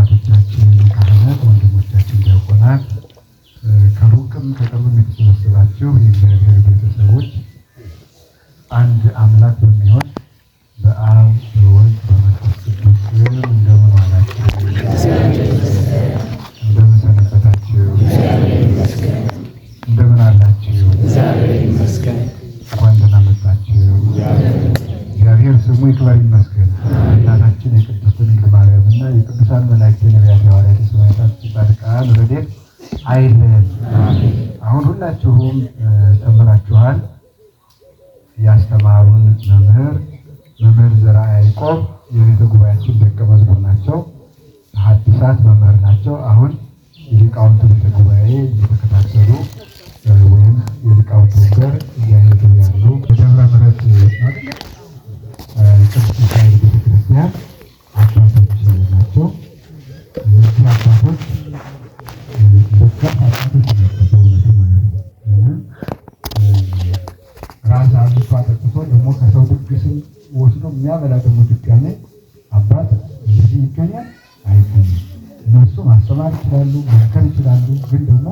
አባቶቻችን ካህናት፣ ወንድሞቻችን ዲያቆናት፣ ከሩቅም ከቅርብም የተሰበሰባችሁ የእግዚአብሔር ቤተሰቦች አንድ አምላክ ይመስገን። እናታችን የቅድስት ድንግል ማርያም እና የቅዱሳን መላእክት ነቢያት፣ የሐዋርያት የሰማዕታት ጻድቃን ረድኤት አይለየን። አሁን ሁላችሁም ተምራችኋል። ያስተማሩን መምህር መምህር ዘርዓ ያዕቆብ የቤተ ጉባኤያችን ደቀ መዝሙር ናቸው። ሐዲሳት መምህር ናቸው። አሁን የሊቃውንቱ ቤተ ጉባኤ እየተከታተሉ ወይም የሊቃውንቱ ወንበር ራስ አብዝቶ አጠጥቶ ደግሞ ከሰው ድግስም ወስዶ የሚያበላ ደግሞ ኢትዮጵያ አባት እንደዚህ ይገኛል አይገኝም። እነሱ ማስተማር ይችላሉ፣ መከር ይችላሉ። ግን ደግሞ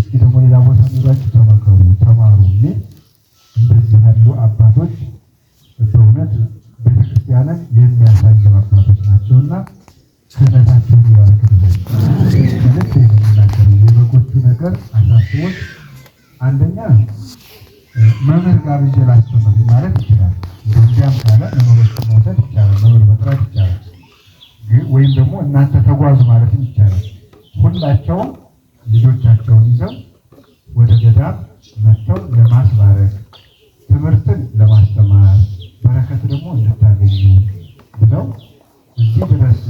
እስኪ ደግሞ ሌላ ቦታ ኑራችሁ ተመከሩ፣ ተማሩ እንደዚህ ያሉ አባቶች በእውነት ቤተክርስቲያንን የሚያሳዩ አባቶች ናቸውና ክህነታቸውን ይባርክልን። ልክ የምንናገረው የበጎቹ ነገር አሳስቦት አንደኛ መምህር ጋብዤ ላስተምር ማለት ይችላል። እንዲያም ካለ መምህሮች መውሰድ ይቻላል፣ መምህር መጥራት ይቻላል። ወይም ደግሞ እናንተ ተጓዙ ማለትም ይቻላል። ሁላቸውም ልጆቻቸውን ይዘው ወደ ገዳም መጥተው ለማስባረክ ትምህርትን ለማስተማር በረከት ደግሞ እንድታገኙ ብለው እዚህ ድረስ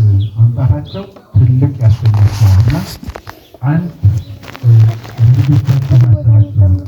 መምጣታቸው ትልቅ ያሰኛቸዋልና አንድ ልጆቻቸው ማሰባቸው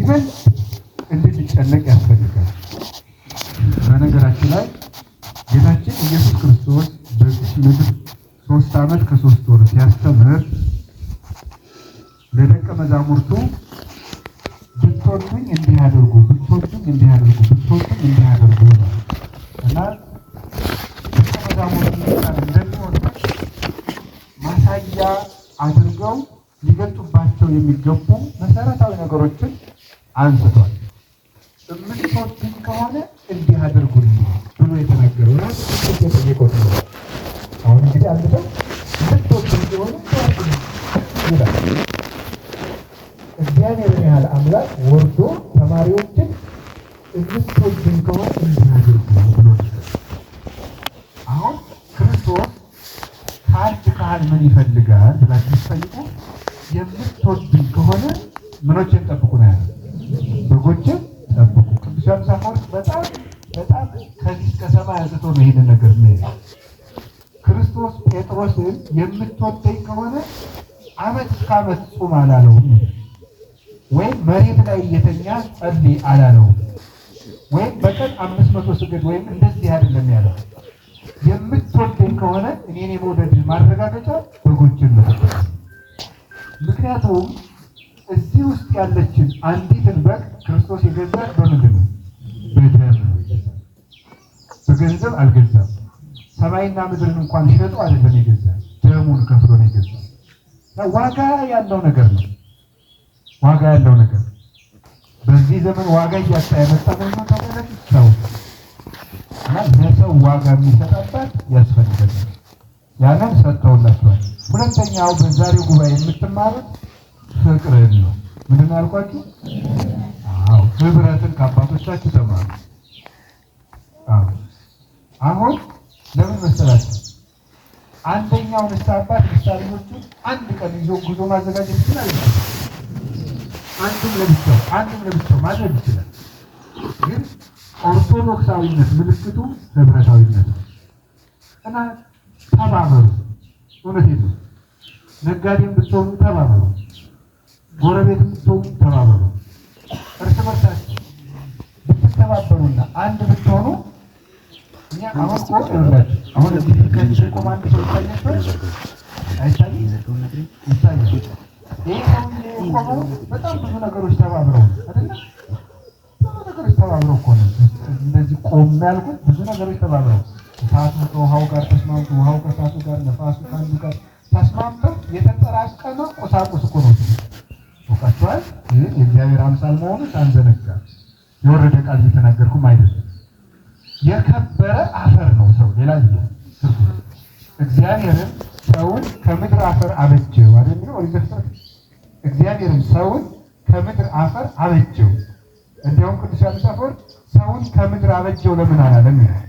ይበልጥ እንድንጨነቅ ያስፈልጋል። በነገራችን ላይ ጌታችን ኢየሱስ ክርስቶስ በዚህ ምድር ሶስት ዓመት ከሶስት ወር ሲያስተምር ለደቀ መዛሙርቱ ብትወዱኝ እንዲያደርጉ አድርጉ፣ ብትወዱኝ እንዲህ ብትወዱኝ እና ደቀ መዛሙርቱ እንደሚወዱት ማሳያ አድርገው ሊገልጡባቸው የሚገቡ መሰረታዊ ነገሮችን አንስቷል። ስምንት ሰዎችን ከሆነ እንዲህ አድርጉልኝ ብሎ የተናገረው ራሱ የተጠየቀው ነው። አሁን እንግዲህ አንስተው ስምንት ሰዎች እንዲሆኑ ይላል። እግዚአብሔርን ያህል አምላክ ወርዶ ተማሪዎችን እንስቶችን ከሆነ እንዲህ አድርጉ ብሎ አሁን ክርስቶስ ከአንድ ካህል ምን ይፈልጋል ብላችሁ ስጠይቁ የምትወዱኝ ከሆነ ምኖችን ጠብቁ ነው ከዚህ ከሰማይ አንስቶ ነው ይሄንን ነገር ነው ክርስቶስ ጴጥሮስን የምትወደኝ ከሆነ አመት እስከ ዓመት ጹም አላለውም፣ ወይም መሬት ላይ እየተኛ ጸልይ አላለውም፣ ወይም በቀን አምስት መቶ ስገድ ወይም እንደዚህ አይደለም ያለው። የምትወደኝ ከሆነ እኔን የመውደድ ማረጋገጫ በጎችን ነው። ምክንያቱም እዚህ ውስጥ ያለችን አንዲትን በግ ክርስቶስ የገዛት በምንድን ነው? በገንዘብ አልገዛም። ሰማይና ምድርን እንኳን ሸጦ አይደለም የገዛ ደሙን ከፍሎ ነው የገዛ። ዋጋ ያለው ነገር ነው። ዋጋ ያለው ነገር በዚህ ዘመን ዋጋ እያጣ ያመጣ ነው እና ለሰው ዋጋ የሚሰጣበት ያስፈልጋል። ያንን ሰጥተውላቸዋል። ሁለተኛው በዛሬው ጉባኤ የምትማሩት ፍቅርን ነው። ምንድን አልኳችሁ? አዎ ህብረትን ከአባቶቻችሁ ተማሩ። አሁን ለምን መሰላችሁ? አንደኛው ንስሐ አባት ንስሐ ልጆቹን አንድ ቀን ይዞ ጉዞ ማዘጋጀት ይችላል። አንዱም ለብቻው አንዱም ለብቻው ማድረግ ይችላል። ግን ኦርቶዶክሳዊነት ምልክቱ ህብረታዊነት ነው እና ተባበሩ። እውነት ነው። ነጋዴም ብትሆኑ ተባበሩ፣ ጎረቤት ብትሆኑ ተባበሩ። እርስ በርሳችሁ ብትተባበሩና አንድ ብትሆኑ በጣም ብዙ ነገሮች ተባብረው ብዙ ነገሮች ተባብረው ተስማምተው የተጠራቀመ ቁሳቁስ እኮ ነው። እውቃቸዋል። ይህ የእግዚአብሔር አምሳል መሆኑን አንዘነጋ። የወረደ ቃል እየተናገርኩም አይደለም የከበረ አፈር ነው ሰው። ሌላ እግዚአብሔርም ሰውን ከምድር አፈር አበጀው አይደል? እግዚአብሔርም ሰውን ከምድር አፈር አበጀው። እንዲያውም ቅዱስ ዮሐንስ አፈወርቅ ሰውን ከምድር አበጀው ለምን አላለም? ይላል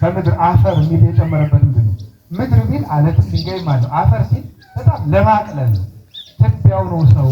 ከምድር አፈር የሚል የጨመረበት ምንድን ነው? ምድር ቢል አለት ድንጋይም አለው። አፈር ሲል በጣም ለማቅለል ትቢያው ነው ሰው